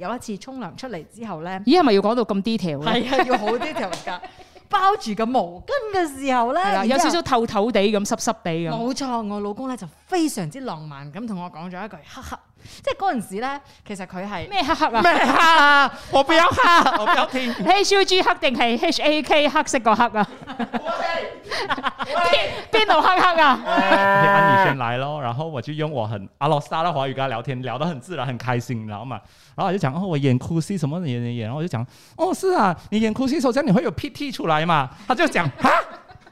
有一次沖涼出嚟之後咧，咦係咪要講到咁 detail？係啊，係係要好 detail 噶， 包住個毛巾嘅時候咧，有少少透透地咁濕濕地咁。冇錯，我老公咧就非常之浪漫咁同我講咗一句，哈哈。即係嗰陣時咧，其實佢係咩黑黑啊？咩黑啊？我變黑， 我變天。H U G 黑定係 H A K 黑色個黑啊？邊度黑黑啊！阿、哎、宇、okay, 先嚟咯，然後我就用我很阿羅莎大到華語跟他聊天，聊得很自然，很開心，你知道嘛？然後我就講，哦，我演哭戲，什麼演演演？然後我就講，哦，是啊，你演哭戲首先你會有 PT 出來嘛？他就講，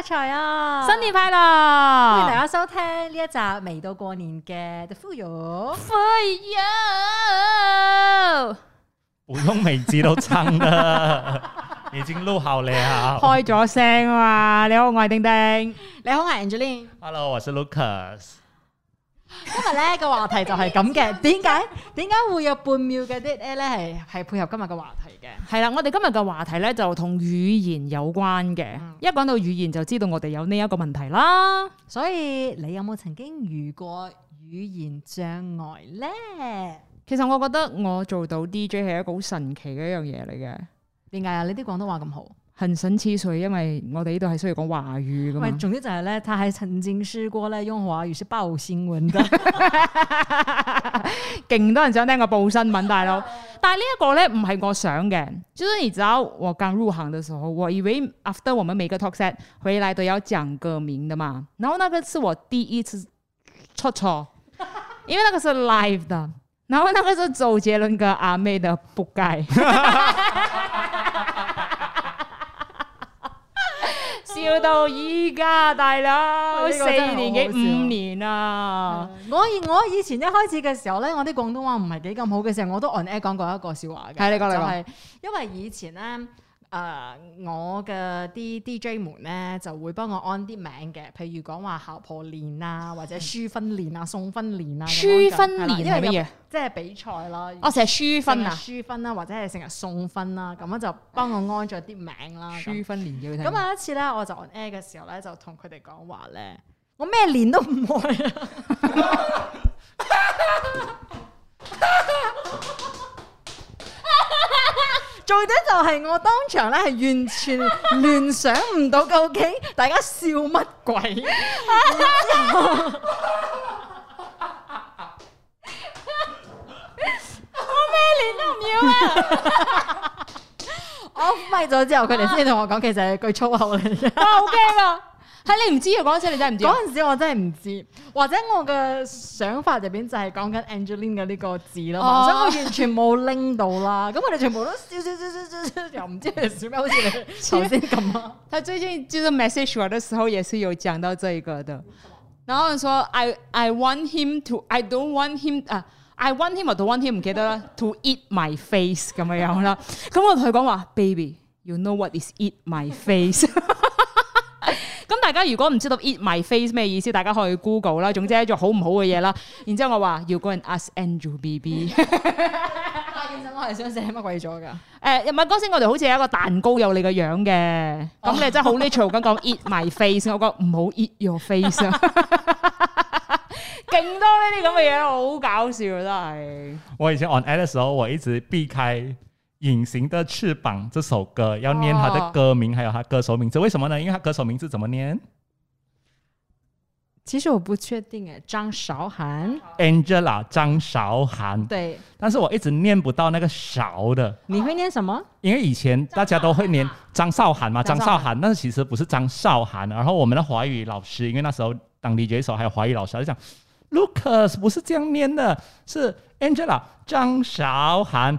發財啊！新年快樂！歡迎大家收聽呢一集未到過年嘅《The Fuyoh, The Fuyoh》。普通名字都唱啦，已經錄好了啊，開咗聲啊！你好，我係丁丁。你好，我係 Angeline。Hello，我係 Lucas。今日咧個話題就係咁嘅，點解點解會有半秒嘅啲誒咧係係配合今日嘅話題嘅，係啦，我哋今日嘅話題咧就同語言有關嘅、嗯，一講到語言就知道我哋有呢一個問題啦。所以你有冇曾經遇過語言障礙咧？其實我覺得我做到 DJ 係一個好神奇嘅一樣嘢嚟嘅。點解啊？你啲廣東話咁好？很神奇，因為我哋呢度係需要講華語。唔係，重點就係咧，佢還曾經試過咧用華語去爆新聞嘅，勁 多人想聽我報新聞，大佬。但係呢一個咧唔係我想嘅。所以而家我剛入行嘅時候，我以為 after 我們每個 talk set 回來都要講個名的嘛。然後那個是我第一次出錯，因為那個是 live 的。然後那個是周杰倫嘅阿妹的仆街。 要到依家，大佬、哎這個、四年幾五年啊！我以我以前一開始嘅時候咧，我啲廣東話唔係幾咁好嘅時候，我都 on air 講過一個笑話嘅。係你講你講，這個就係、因為以前咧。誒、uh,，我嘅啲 DJ 們咧就會幫我安啲名嘅，譬如講話校破鏈啊，或者輸分鏈啊，送分鏈啊，輸分鏈係咩嘢？即係比賽啦。我成日輸分啊，輸分啦，啊，或者係成日送分、啊、我啦，咁樣就幫我安咗啲名啦。輸分鏈要聽嘅，咁有一次咧，我就 on air 嘅時候咧，就同佢哋講話咧，我咩鏈都唔會。 最屌就係我當場咧係完全聯想唔到究竟大家笑乜鬼？我咩年都唔要啊！我眯咗之後，佢哋先同我講，其實係句粗口嚟嘅。好驚啊！喺你唔知嘅嗰陣時，你真係唔知。嗰陣時我真係唔知，或者我嘅想法入邊就係講緊 Angeline 嘅呢個字啦，所以我完全冇拎到啦。咁我哋全部都，又唔知咩好似你頭先咁啊。但最近就是 message 的時候也是有講到這一個的，然後說 I I want him to I don't want him 啊，I want him or don't want him 唔記得啦，to eat my face 咁樣啦。咁我同佢講話，baby，you know what is eat my face？大家如果唔知道 eat my face 咩意思，大家可以 Google 啦。總之係做好唔好嘅嘢啦。然之後我話要過嚟 ask Angel B B。阿先我係想寫乜鬼咗噶？誒，唔係嗰陣時我哋好似有一個蛋糕有你個樣嘅。咁你真係好 natural 咁講 eat my face，我覺得唔好 eat your face。勁多呢啲咁嘅嘢，好搞笑真係。我以前 on air 嘅時候，我一直避開。《隱形的翅膀》這首歌要念它的歌名，哦、還有它歌手名字，為什麼呢？因為它歌手名字怎麼念？其實我不確定誒，張韶涵，Angela 張韶涵，對，但是我一直念不到那個韶的。你會念什麼？哦、因為以前大家都會念張韶涵嘛，張韶涵，張韶涵，但是其實不是張韶涵，張韶涵。然後我們的華語老師，因為那時候當 DJ 的時候還有華語老師，他就講 Lucas 不是這樣念的，是 Angela 張韶涵。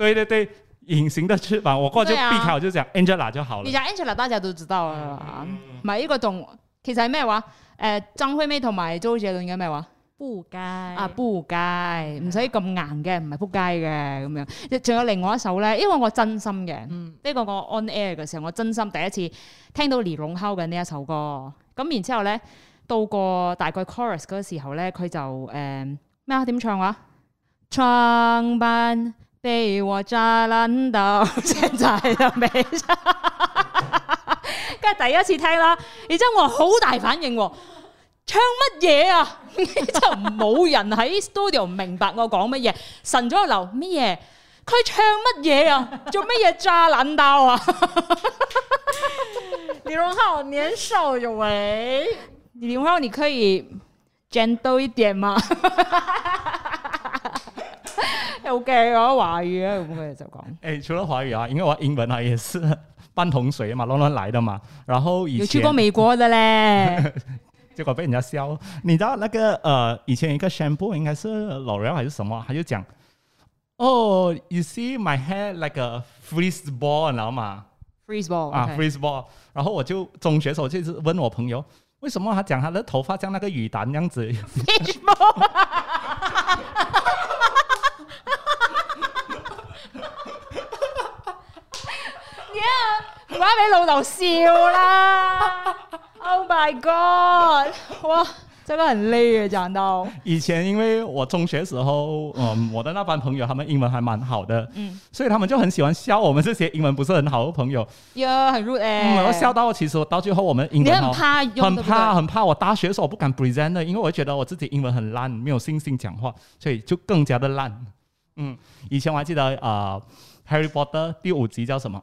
對對對，隱形的翅膀，我過就避開，我就講 Angela 就好了。而家、啊、Angela 大家都知道唔係呢個同其實係咩話？誒、呃，張惠妹同埋周杰倫嘅咩話？撲街啊，撲街唔使咁硬嘅，唔係撲街嘅咁樣。仲有另外一首咧，因為我真心嘅呢、嗯呢個我 on air 嘅時候，我真心第一次聽到《連龍烤》嘅呢一首歌。咁然之後咧，到個大概 chorus 嗰個時候咧，佢就誒咩、呃、啊？點唱話唱班。俾我渣男刀，就在入面，跟住第一次聽啦，然之後我好大反應、哦，唱乜嘢啊？ 你就冇人喺 studio 明白我講乜嘢，神咗流乜嘢？佢唱乜嘢啊？做乜嘢渣男刀啊？ 李榮浩年少有為，李榮浩你可以 gentle 一點嘛。 OK，我都華語嘅咁佢就講。誒、欸，除了華語啊，因為我英文啊也是半桶水嘛，亂亂來的嘛。然後以前有去過美國的咧， 結果被人家笑。你知道那個呃，以前一個 shampoo 應該是 L'Oreal 還是什麼，他就講：哦、oh，You see my hair like a freeze ball，你知道嗎，freeze ball 啊、okay，freeze ball。然後我就中學時候就是問我朋友，為什麼他講他的頭髮像那個魚蛋那樣子？我講俾老豆笑啦！Oh my god，哇、wow,，這個很累耶，講到以前，因為我中學時候，嗯，我的那班朋友他們英文還蠻好的，嗯， 所以他們就很喜歡笑我們這些英文不是很好的朋友，yeah 很入誒、欸嗯，然後笑到我其實到最後我們英文很怕，很怕，很怕。我大學的時候我不敢 present，因為我覺得我自己英文很爛，沒有信心講話，所以就更加的爛。嗯，以前我還記得啊，呃《Harry Potter》第五集叫什麼？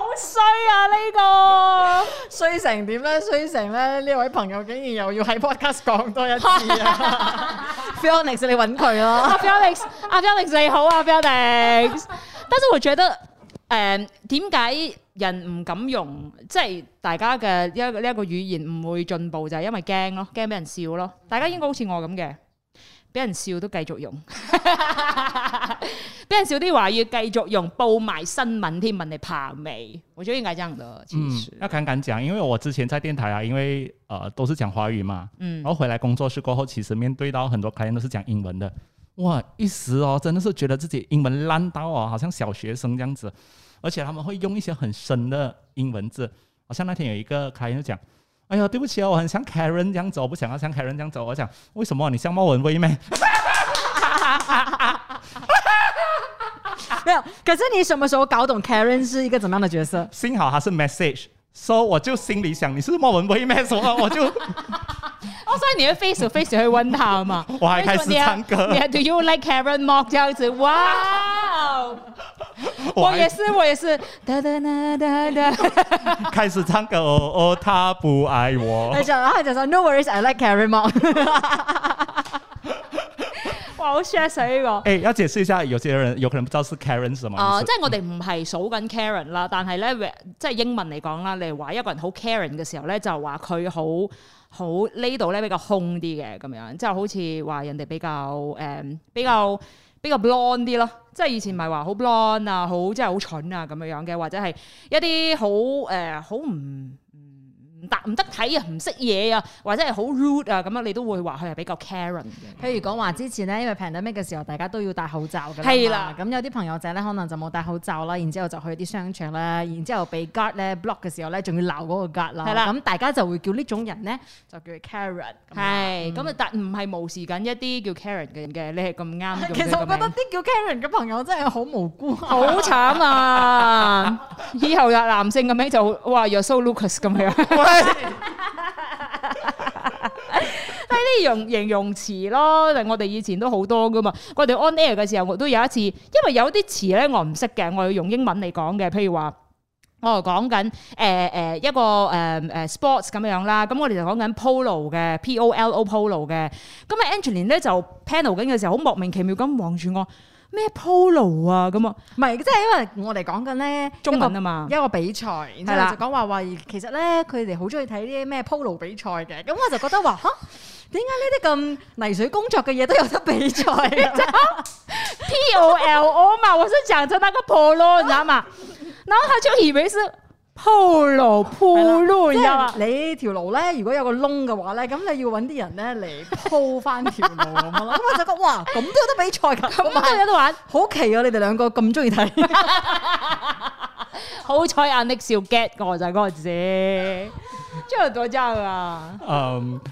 衰啊、這個、 呢個衰成點咧？衰成咧，呢位朋友竟然又要喺 Podcast 講多一次啊！Felix， 你搵佢咯，Felix，阿 Felix 你好啊，Felix。Ah, 但是我覺得誒，點、呃、解人唔敢用，即、就、係、是、大家嘅，一呢一個語言唔會進步，就係、是、因為驚咯，驚俾人笑咯。大家應該好似我咁嘅，俾人笑都繼續用。 俾小弟啲話要繼續用，報埋新聞添，問你怕未？我覺得應該這樣的。其實、嗯，要敢敢講，因為我之前在電台啊，因為呃都是講華語嘛，嗯，然後回來工作室過後，其實面對到很多客人都是講英文的，哇，一時哦，真的是覺得自己英文爛到哦，好像小學生這樣子，而且他們會用一些很深的英文字，好像那天有一個客人就講，哎呀，對不起啊、哦，我很像 Karen 這樣走，我不想要像 Karen 這樣走，我想：「為什麼你像莫文蔚咩？ 哈哈哈哈哈！沒有，可是你什麼時候搞懂 Karen 是一個怎麼樣的角色？幸好他是 message，so 我就心裏想你是莫文蔚咩？我就，哦，所以你會 face to face 會問他嘛？我還開始唱歌，Do you like Karen Mock？這樣子，哇！我也是，我也是，噠噠噠噠噠，開始唱歌，哦哦，他不愛我。哎，講啊，講說，No worries，I like Karen Mock。我好 share 死呢個！誒、哎，要解釋一下，有些人有可能不知道是 Karen 什麼意思。啊，即係我哋唔係數緊 Karen 啦，但係咧，即係英文嚟講啦，你話一個人好 Karen 嘅時候咧，就話佢好好呢度咧比較空啲嘅咁樣，即係好似話人哋比較誒、呃、比較比較 blonde 啲咯，即係以前咪話好 blonde 啊，好即係好蠢啊咁樣樣嘅，或者係一啲好誒好唔～、呃唔得睇啊，唔識嘢啊，或者係好 rude 啊，咁樣你都會話佢係比較 Karen。譬、嗯嗯、如講話之前咧，因為 pandemic 嘅時候，大家都要戴口罩㗎嘛。係啦，咁有啲朋友仔咧，可能就冇戴口罩啦，然之後就去啲商場咧，然之後被 guard 咧 block 嘅時候咧，仲要鬧嗰個 guard 啦。係啦。咁大家就會叫呢種人咧，就叫 Karen。係，咁、嗯、啊，但唔係無視緊一啲叫 Karen 嘅人嘅，你係咁啱。其實我覺得啲叫 Karen 嘅朋友真係好無辜，好慘啊！ 以後有男性嘅名就哇 You're So Lucas 咁樣。 係呢樣形容詞咯，但我哋以前都好多噶嘛。我哋 On air 嘅時候，我都有一次，因為有啲詞咧我唔識嘅，我要用英文嚟講嘅。譬如話，我講緊誒誒一個誒誒、呃呃、sports 咁樣啦，咁我哋就講緊 polo 嘅 p, p o l o polo 嘅。咁啊，Angeline 咧就 panel 緊嘅時候，好莫名其妙咁望住我。咩 polo 啊咁啊，唔係，即係因為我哋講緊咧中文啊嘛，一個比賽，然之後就講話話，其實咧佢哋好中意睇啲咩 polo 比賽嘅，咁我就覺得話，吓，點解呢啲咁泥水工作嘅嘢都有得比賽？polo 嘛，我是講咗那個 polo， 你知道嘛？然後他就以為是。鋪路鋪路，即係你條路咧，如果有個窿嘅話咧，咁你要揾啲人咧嚟鋪翻條路咁咯。咁 我就覺得哇，咁都有得比賽，咁都有得玩， 好奇啊！你哋兩個咁中意睇，好彩、啊、阿 n i k 笑 get 我就係嗰個字，就多謝啦。嗯。 um,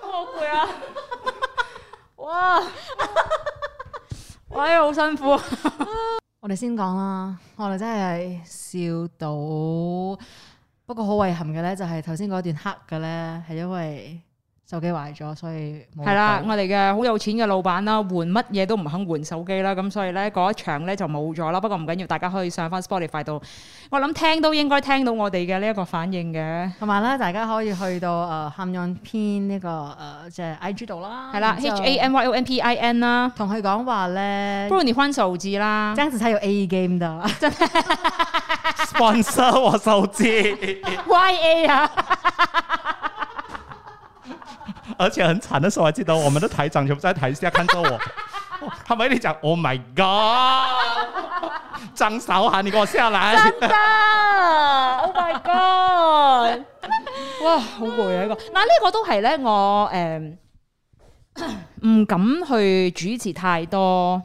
好 攰、哦、啊！哇， 哇，哇，好辛苦、啊 我哋先講。我哋先講啦，我哋真係笑到，不過好遺憾嘅咧，就係頭先嗰段黑嘅咧，係因為，手機壞咗，所以係啦，我哋嘅好有錢嘅老闆啦，換乜嘢都唔肯換手機啦，咁所以咧嗰一場咧就冇咗啦。不過唔緊要，大家可以上翻 Spotify 度，我諗聽都應該聽到我哋嘅呢一個反應嘅。同埋咧，大家可以去到誒 Hamyonpin 呢個誒即係 IG 度啦。係啦，H A M Y O N P I N 啦，同佢講話咧，不如你換手機啦，張子睇有 A game 噶，sponsor 我手機，Y A 啊。而且很慘，那時候我記得我們的台長全部在台下看着我，係 咪你講，Oh my god，張 韶涵你給我下來，真的 Oh my god， 哇，好 攰啊呢、嗯、個，嗱呢個都係咧我誒唔敢去主持太多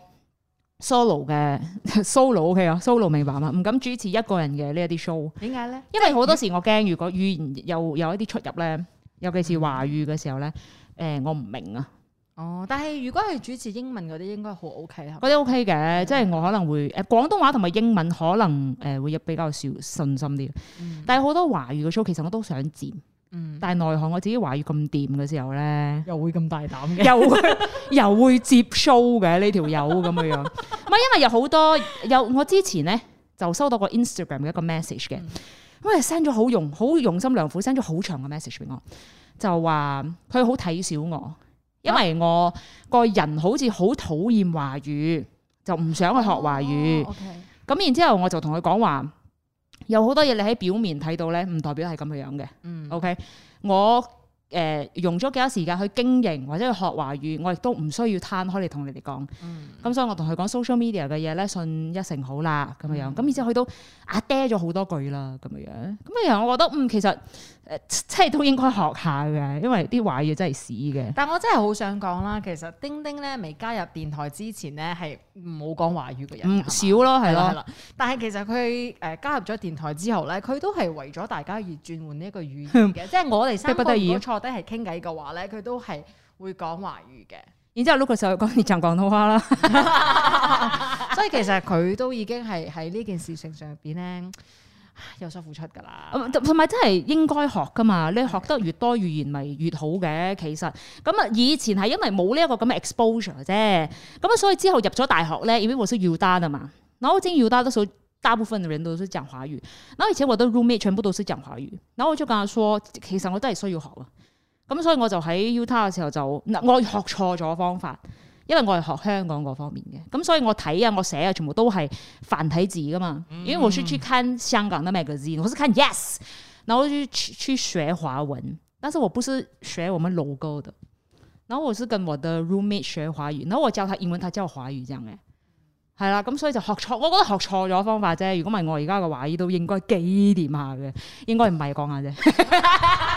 solo 嘅 solo OK 啊 solo 明白嘛，唔敢主持一個人嘅呢一啲 show，點解咧？因為好多時我驚如果語言又有一啲出入咧。尤其是華語嘅時候咧，誒、呃、我唔明啊。哦，但係如果係主持英文嗰啲，應該好 OK 啊。嗰啲 OK 嘅，嗯、即係我可能會誒、呃、廣東話同埋英文可能誒會有比較少信心啲。嗯、但係好多華語嘅 show，其實我都想佔，嗯、但係內行，我自己華語咁掂嘅時候咧，又會咁大膽嘅，又又會接 show 嘅呢條友咁嘅樣。唔係，因為有好多有我之前咧就收到個 Instagram 嘅一個 message 嘅。嗯佢係 send 咗好用，好用心良苦，send 咗好長嘅 message 俾我，就話佢好睇小我，因為我個人好似好討厭華語，就唔想去學華語。咁、哦 okay、然之後，我就同佢講話，有好多嘢你喺表面睇到咧，唔代表係咁嘅樣嘅。嗯，OK，我。誒、呃、用咗幾多時間去經營或者去學華語，我亦都唔需要攤開嚟同你哋講。咁、嗯、所以我同佢講 social media 嘅嘢咧，信一成好啦咁樣。咁然之後佢都啊爹咗好多句啦咁樣。咁其實我覺得嗯其實。誒，即係都應該學下嘅，因為啲華語真係屎嘅。但我真係好想講啦，其實丁丁咧未加入電台之前咧，係唔好講華語嘅人，唔少咯，係咯，係啦。但係其實佢誒加入咗電台之後咧，佢都係為咗大家而轉換呢一個語言嘅，嗯、即係我哋得坐低係傾偈嘅話咧，佢都係會講華語嘅。然之後，Lucas o 就講你講廣東話啦。話 所以其實佢都已經係喺呢件事情上邊咧。嗯、有所付出噶啦，同埋真係應該學噶嘛？你學得越多語言咪越好嘅。其實咁啊、嗯，以前係因為冇呢一個咁嘅 exposure 啫。咁、嗯、啊，所以之後入咗大學咧，因為我是 Utah 嘅嘛，嗱我喺 Utah 嗰大部分嘅人都是講華語，嗱而且我嘅 roommate 全部都是講華語，嗱我做緊阿 s 其實我都係需要學啊。咁、嗯、所以我就喺 Utah 嘅時候就，我學錯咗方法。嗯因為我係學香港嗰方面嘅，咁所以我睇啊，我寫啊，全部都係繁體字噶嘛。嗯嗯，因為我先書看香港的 magazine，、嗯嗯、我識看 yes，然後就去去學華文，但是我不是學我們老 o g 的。然後我是跟我的 roommate 學華語，然後我教他英文，他教我華語嘅。係啦，咁所以就學錯，我覺得學錯咗方法啫。如果唔係，我而家嘅華語都應該幾掂下嘅，應該唔係講下啫。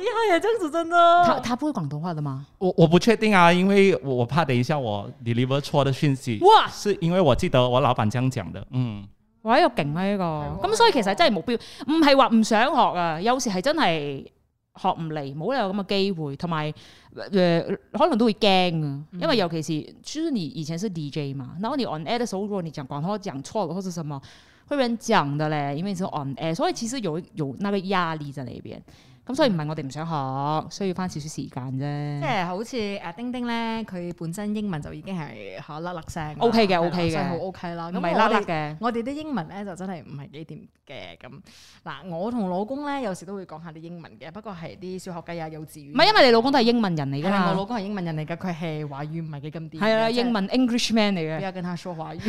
厲害呀、啊，這樣子，真的。他他不會廣東話的嗎？我我不確定啊，因為我怕等一下我 deliver 錯的訊息。哇，是因為我記得我老闆這樣講的。嗯，哇，一個勁啊，呢個。咁、哎嗯、所以其實真係目標唔係話唔想學啊，有時係真係學唔嚟，冇理由咁嘅機會，同埋誒可能都會驚啊、嗯。因為尤其是，其實你以前是 DJ 嘛，嗱，你 on air 的時候，如果你講廣東話講錯了或者什麼，會有人講的咧。因為你說 on air，所以其實有有那個壓力在裏邊。咁、嗯、所以唔係我哋唔想學，需要翻少少時間啫。即係好似誒丁丁咧，佢本身英文就已經係學甩甩聲。O K 嘅，O K 嘅，好 O K 啦。咁咪甩甩嘅。我哋啲英文咧就真係唔係幾掂嘅咁。嗱，我同老公咧有時都會講下啲英文嘅，不過係啲小學雞啊、幼稚園。唔係因為你老公都係英文人嚟㗎嘛？我老公係英文人嚟嘅，佢係華語唔係幾咁掂。係啊，英文 Englishman 嚟嘅。邊個跟佢講華語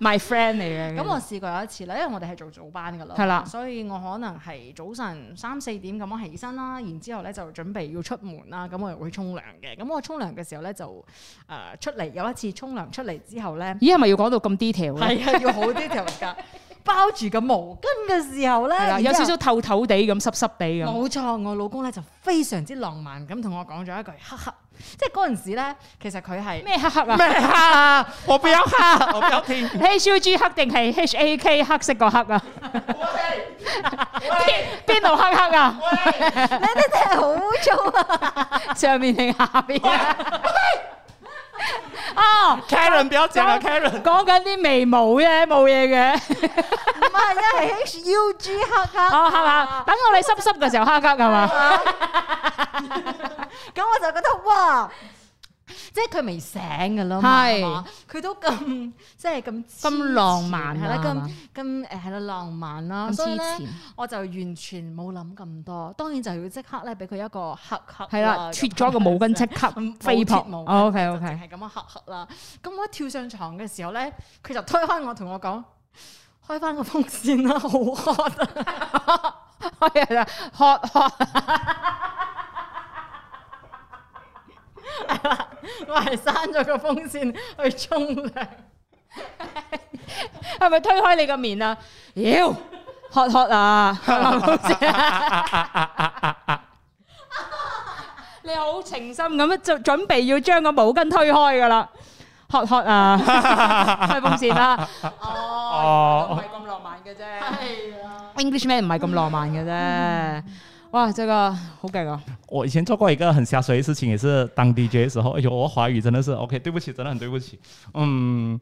？My friend 嚟嘅。咁 我試過有一次啦，因為我哋係做早班㗎啦，係啦，所以我可能係早晨三四。點咁樣起身啦，然之後咧就準備要出門啦，咁我又會沖涼嘅。咁我沖涼嘅時候咧就誒、呃、出嚟，有一次沖涼出嚟之後咧，咦係咪要講到咁 detail？係啊 要細細，要好 detail 噶。包住個毛巾嘅時候咧，有少少透透地咁濕濕地咁。冇錯，我老公咧就非常之浪漫咁同我講咗一句黑黑，即係嗰陣時咧，其實佢係咩黑黑啊？咩黑啊？我變黑，我有天。H U G 黑定係 H A K 黑色個黑啊？邊度黑黑啊？你啲真係好污糟啊！上面定下邊？ 哦，Karen，表情啊 Karen 講緊啲眉毛嘅，冇嘢嘅，唔係啊，係 HUG 黑黑，哦係嘛，等我哋濕濕嘅時候黑黑，係嘛，就是，咁 我就覺得哇。即係，佢未醒噶咯，係佢都咁即係咁咁浪漫係、啊、啦，咁咁誒係啦，浪漫啦、啊。所以我就完全冇諗咁多。當然就要即刻咧，俾佢一個刻刻係啦，脫咗個毛巾，即刻飛撲。O K O K，係咁啊，刻刻啦。咁、okay, okay、我一跳上床嘅時候咧，佢就推開我，同我講：開翻個風扇啦，好 hot！o t 開啊，hot, hot 我係閂咗個風扇去沖涼，係咪推開你個面啊？妖，hot hot 啊 你好情深咁，就準備要將個毛巾推開噶啦，hot hot 啊， 開 風扇啦，哦，唔係咁浪漫嘅啫 係呀，Englishman 唔係咁浪漫嘅啫。哇，這個好感啊，哦！我以前做過一個很下水的事情，也是當 DJ 的時候，哎呦，我華語真的是 OK，對不起，真的很對不起。嗯，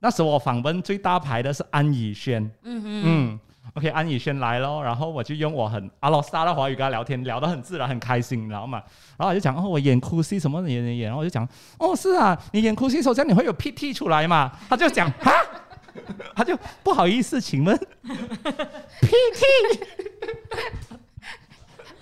那時我訪問最大牌的是安以軒，嗯哼嗯 okay 安以軒來咯，然後我就用我很阿羅刹的華語跟佢聊天，聊得很自然，很開心，你知道嘛？然後他就講，哦，我演哭戲什麼演演演，然後我就講，哦，是啊，你演哭戲時候，這樣你會有 PT 出來嘛？他就講，啊， 他就不好意思，請問 ，PT。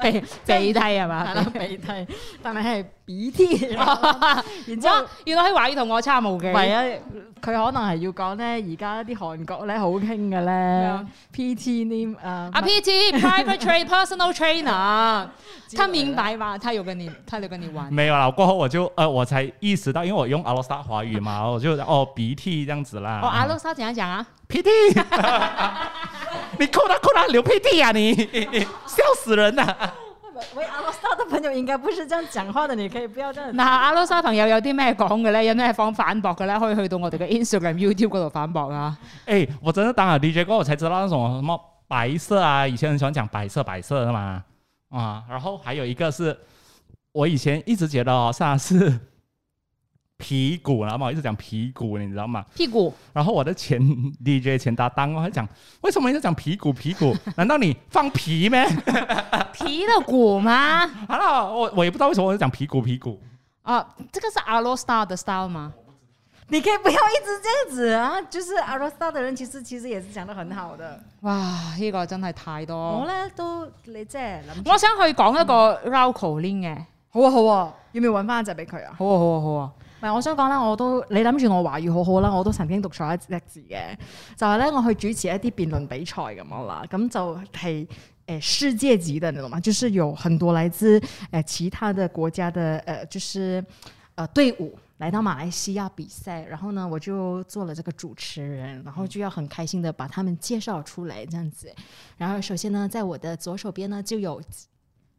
鼻鼻涕係嘛？係啦鼻涕， 但係係鼻涕。 然之後、哦、原來喺華語同我差無幾。唯一佢可能係要講咧，而家啲韓國咧好興嘅咧。PT 呢？ 啊阿 PT、啊、PT private train personal trainer，他明白嘛？他有跟你，他有跟你玩？沒有啦、啊。過後我就誒、呃，我才意識到，因為我用阿洛莎華語嘛，我就哦鼻涕這樣子啦。哦、 oh，阿洛莎點樣講啊？PT。 你扣他扣他流屁屁啊你，笑死人啊。喂，阿羅莎的朋友應該不是這樣講話的，你可以不要這樣。那阿羅莎朋友有啲咩講嘅咧？有咩方反駁嘅咧？可以去到我哋嘅 Instagram、YouTube 嗰度反駁啊。誒、 哎，我真係等下 DJ 哥我才知道，那種什麼白色啊，以前很喜歡講白色白色嘛。啊、嗯，然後還有一個是我以前一直覺得哦，像是。.皮骨，然後一直講皮骨，你知道嘛？皮骨，然後我的前 DJ 前搭檔，佢講：為什麼一直講皮骨皮骨？ 難道你放皮咩？ 皮的骨股嗎？好 啦、啊，我我也不知道為什麼我要講皮骨皮骨。啊，這個是阿羅 star 的 style 嗎？你可以不要一直這樣子啊！就是阿羅 star 的人其實其實也是講得很好的。哇，呢、這個真係太多。我咧都即係諗，我想去講一個繞口令嘅。好啊好啊，要唔要搵翻一隻俾佢啊？好啊好啊好啊！好啊好啊。嗯、我想講啦，我都你諗住我華語好好啦，我都曾經讀錯一隻字嘅，就係咧我去主持一啲辯論比賽咁樣啦，咁就係誒世界級嘅，你懂嗎？就是有很多來自誒其他的國家嘅，誒，就是誒、呃、隊伍嚟到馬來西亞比賽，然後呢我就做了這個主持人，然後就要很開心的把他們介紹出來，這樣子。然後首先呢，在我的左手邊呢就有，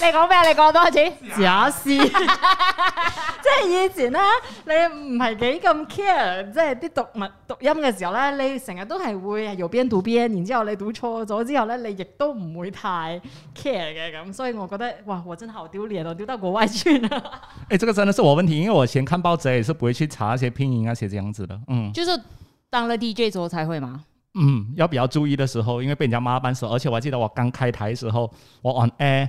你講咩，你講多次。假使，即係 以前咧，你唔係幾咁 care，即係啲讀物讀音嘅時候咧，你成日都係會有邊讀邊，然之後你讀錯咗之後咧，你亦都唔會太 care 嘅咁。所以我覺得，哇！我真係好丟臉咯，丟到國外去啦。誒、欸，這個真的是我的問題，因為我以前看報紙也是不會去查一些拼音那、啊、些這樣子的，嗯。就是當了 DJ 之後才會嘛？嗯，要比較注意的時候，因為被人家罵班手。而且我還記得我剛開台時候，我 on air。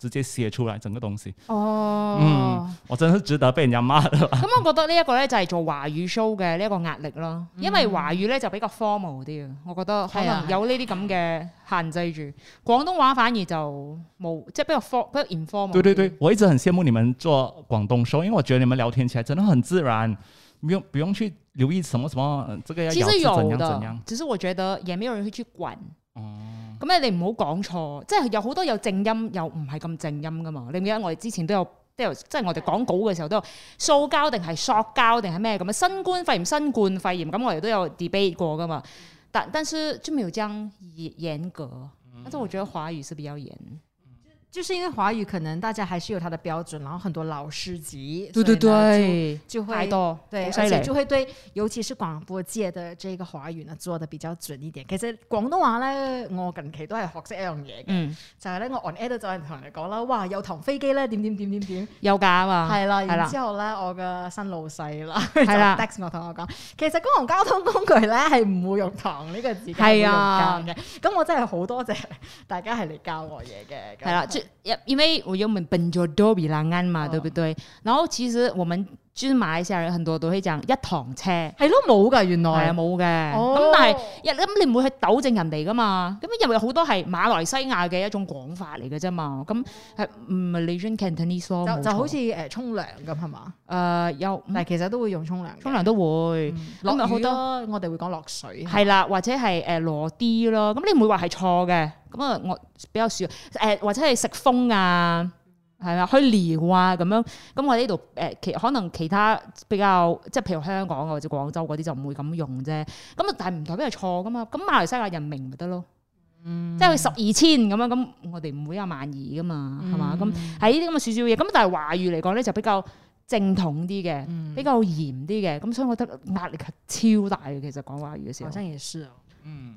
直接寫出來整個東西。哦，嗯，我真係值得俾人哋罵啦。咁、嗯、我覺得呢一個咧就係做華語 show 嘅呢一個壓力咯，嗯、因為華語咧就比較 formal 啲啊、嗯，我覺得可能有呢啲咁嘅限制住。哎、廣東話反而就冇，即、就、係、是、比較 form informal。對對對，我一直很羨慕你們做廣東 show，因為我覺得你們聊天起來真的很自然，不用不用去留意什麼什麼，這個要咬字，怎樣怎樣。只是我覺得，也沒有人會去管。哦、嗯，咁咧你唔好講錯，即係有好多有正音，又唔係咁正音噶嘛？你唔記得我哋之前都有，都有即係我哋講稿嘅時候都有，塑膠定係塑膠定係咩咁啊？新冠肺炎、新冠肺炎，咁我哋都有 debate 過噶嘛？但、嗯、但係朱妙章嚴格，但係我覺得華語是比較嚴。就是因為華語可能大家還是有它的標準，然後很多老師級，對對對，就會多對，對，而且就會對，尤其是廣播界的這個華語呢做得比較準一點。其實廣東話呢，我近期都係學識一樣嘢嘅，就係、是、我 on air 有人同你講啦，哇，有糖飛機呢點點點點點，有架啊嘛，係啦，係啦，係啦，然之後呢我嘅新老細啦，就 text 我同我講，其實公共交通工具呢係唔會用糖呢這個字，係啊，咁我真係好多謝大家係嚟教我嘢嘅，係啦。也、yep，因為我們本州多比南安嘛、哦，對不對？然後其實我們。專買成日行到到起就一堂車，係咯冇㗎，原來係冇嘅。咁、哦、但係，咁你唔會去糾正人哋㗎嘛？咁因為好多係馬來西亞嘅一種講法嚟嘅啫嘛。咁係 Malaysian Cantonese，就，就好似沖涼咁係嘛？有、嗯，但其實都會用沖涼，沖涼都會落好、嗯、多我哋會講落水，係啦，或者係攞啲咯。咁你唔會話係錯嘅。咁啊，我比較少誒、呃，或者係食風啊。係啊，去聊啊咁樣，咁我呢度誒其可能其他比較即係譬如香港啊或者廣州嗰啲就唔會咁用啫，咁啊，但係唔代表係錯噶嘛，咁馬來西亞人明咪得咯，即係佢十二千咁樣，咁我哋唔會有萬二噶嘛，係、嗯、嘛？咁喺呢啲咁嘅少少嘢，咁但係華語嚟講咧就比較正統啲嘅、嗯，比較嚴啲嘅，咁所以我覺得壓力係超大嘅。其實講華語嘅時候，我真係係嗯。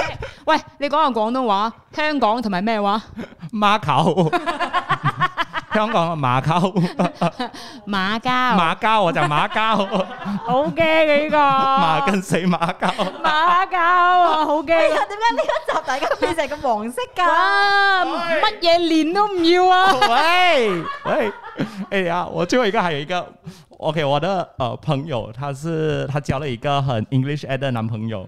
喂，你講下廣東話，香港同埋咩話？馬口， 香港嘅馬口，馬交， 馬交， 我就馬交，好驚嘅呢個，馬跟死馬交，馬交，好驚。哎呀，點解呢一集大家變成咁黃色噶？哇，乜嘢連都唔要啊？喂喂，哎呀，我最後一個還有一個，OK，我的誒、呃、朋友，他是他交了一個很 English ed 的男朋友。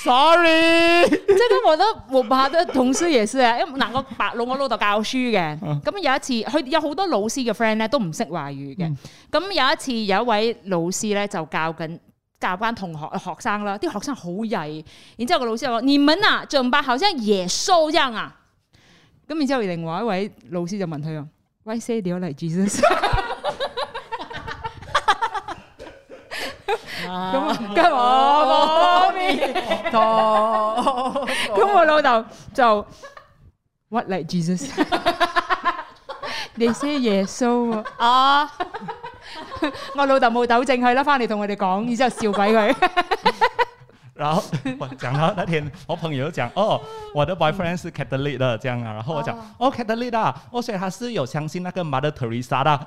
sorry，即 係我都我怕得同事也是啊，因嗱我白老我老豆教書嘅，咁 有一次佢有好多老師嘅 friend 咧都唔識華語嘅，咁、嗯、有一次有一位老師咧就教緊教班同學同學、學生啦，啲學生好曳，然之後個老師話：你們啊，崇拜好像耶穌一樣啊！咁然之後，另外一位老師就問佢 Why say you like Jesus？咁我咁我我面痛，咁我老豆就 what like Jesus？你識耶穌啊？我老豆冇糾正佢啦，翻嚟，同我哋講，然之後笑鬼佢。然後我講到那天，我朋友講哦，我的 boyfriend 是 Catholic 的，這樣啊。然後我講哦，Catholic 啊，我所以他是有相信那個 Mother Teresa 的。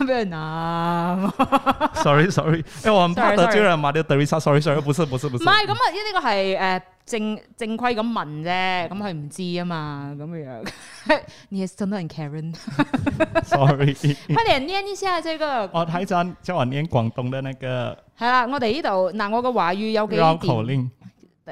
咩 名喊？Sorry，Sorry，因 為、欸、我唔怕得罪人，罵啲德瑞 Sorry，Sorry，不是，不是，不是。唔係咁啊，呢個係誒正正規咁問啫，咁佢唔知啊嘛，咁嘅樣。你是真係人，Karen。Sorry。可能呢啲先係呢個。我睇下即係我念廣東嘅。呢個。係啦，我哋呢度嗱，我個華語有幾點？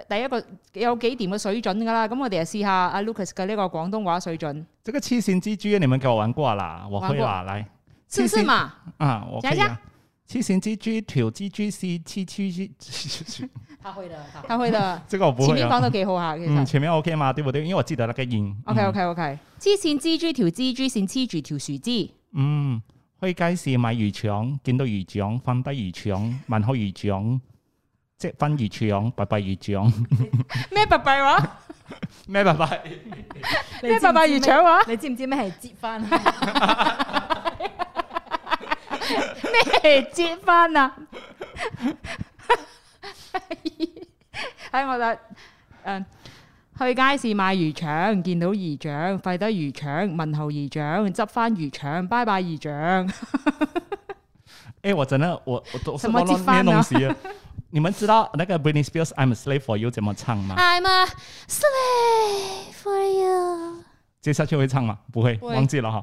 第一個有幾點嘅水準噶啦，咁我哋就試下阿、啊、Lucas 嘅呢個廣東話水準。這個黐線蜘蛛，你們我玩過我可以啦，我會話嚟。試試嘛！啊，我黐線蜘蛛條蜘蛛線黐黐枝樹枝。他會的，他會的。 這個我不、啊、前面講到幾好下，其實。嗯、前面 O、okay、K 嘛？對唔對？因為我知道得個音。O K O K O K。黐、okay，線、okay, okay。蜘蛛條蜘蛛線黐住條樹枝。嗯。去街市買魚腸，見到魚腸瞓低魚腸，問開魚腸， 即分魚腸，拜拜魚腸。咩拜拜話？咩拜拜？咩拜拜魚腸話？你知唔知咩係折翻？ 你知 接翻啦，喺我就誒、嗯、去街市買魚腸，見到姨丈，費得魚腸，問候姨丈，執翻魚腸，拜拜姨丈。誒、 欸，我真係我我都是摸到咩東西啊！你們知道那個《Britney Spears I'm a Slave for You》怎麼唱嗎？I'm a slave for you。接下去會唱嗎？不會，忘記了哈。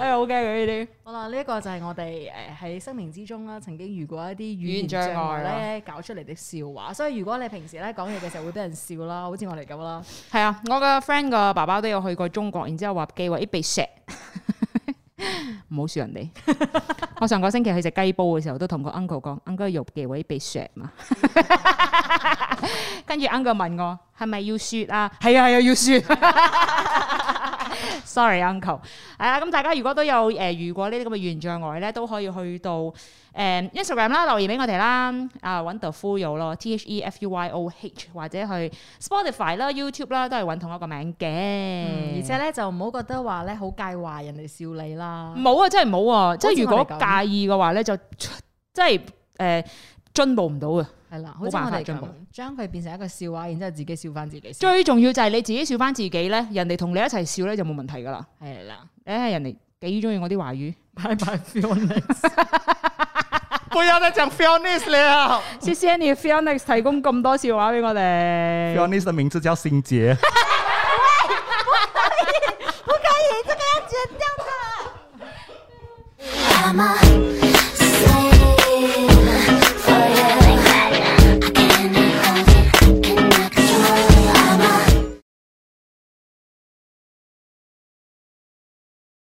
哎呀，O K 佢呢啲，好啦，呢一個就係我哋誒喺生命之中啦，曾經遇過一啲語言障礙咧，搞出嚟嘅笑話。所以如果你平時咧講嘢嘅時候會俾人笑啦，好似我哋咁啦，係啊，我個 friend 個爸爸都有去過中國，然之後話機位被石，唔好笑人哋。 我上個星期去食雞煲嘅時候，都同個 uncle 講，uncle 肉嘅位被石嘛， 跟住 uncle 問我係咪要雪啊？係啊係啊要雪。 Sorry，uncle，係啊，咁大家如果都有誒，如果呢啲咁嘅語言障礙咧，都可以去到誒、嗯、Instagram 啦，留言俾我哋啦，啊，揾 The Fuyoh 咯，T H E F U Y O H，或者去 Spotify 啦、YouTube 啦，都係揾同一個名嘅、嗯，而且咧就唔好覺得話咧好介懷人哋笑你啦，冇啊，真係冇啊，即係如果介意嘅話咧，就即係誒進步唔到嘅。係啦，好似我哋將將佢變成一個笑話，然之後自己笑翻自己。最重要就係你自己笑翻自己咧，人哋同你一齊笑咧就冇問題噶啦。係啦，誒，人哋幾中意我啲華語。拜拜 Fionics 不要再講 Fiona 了，謝謝你 Fiona 提供咁多笑話俾我哋。Fiona 嘅名字叫星杰。不可以，不可以，不可以，這個要剪掉。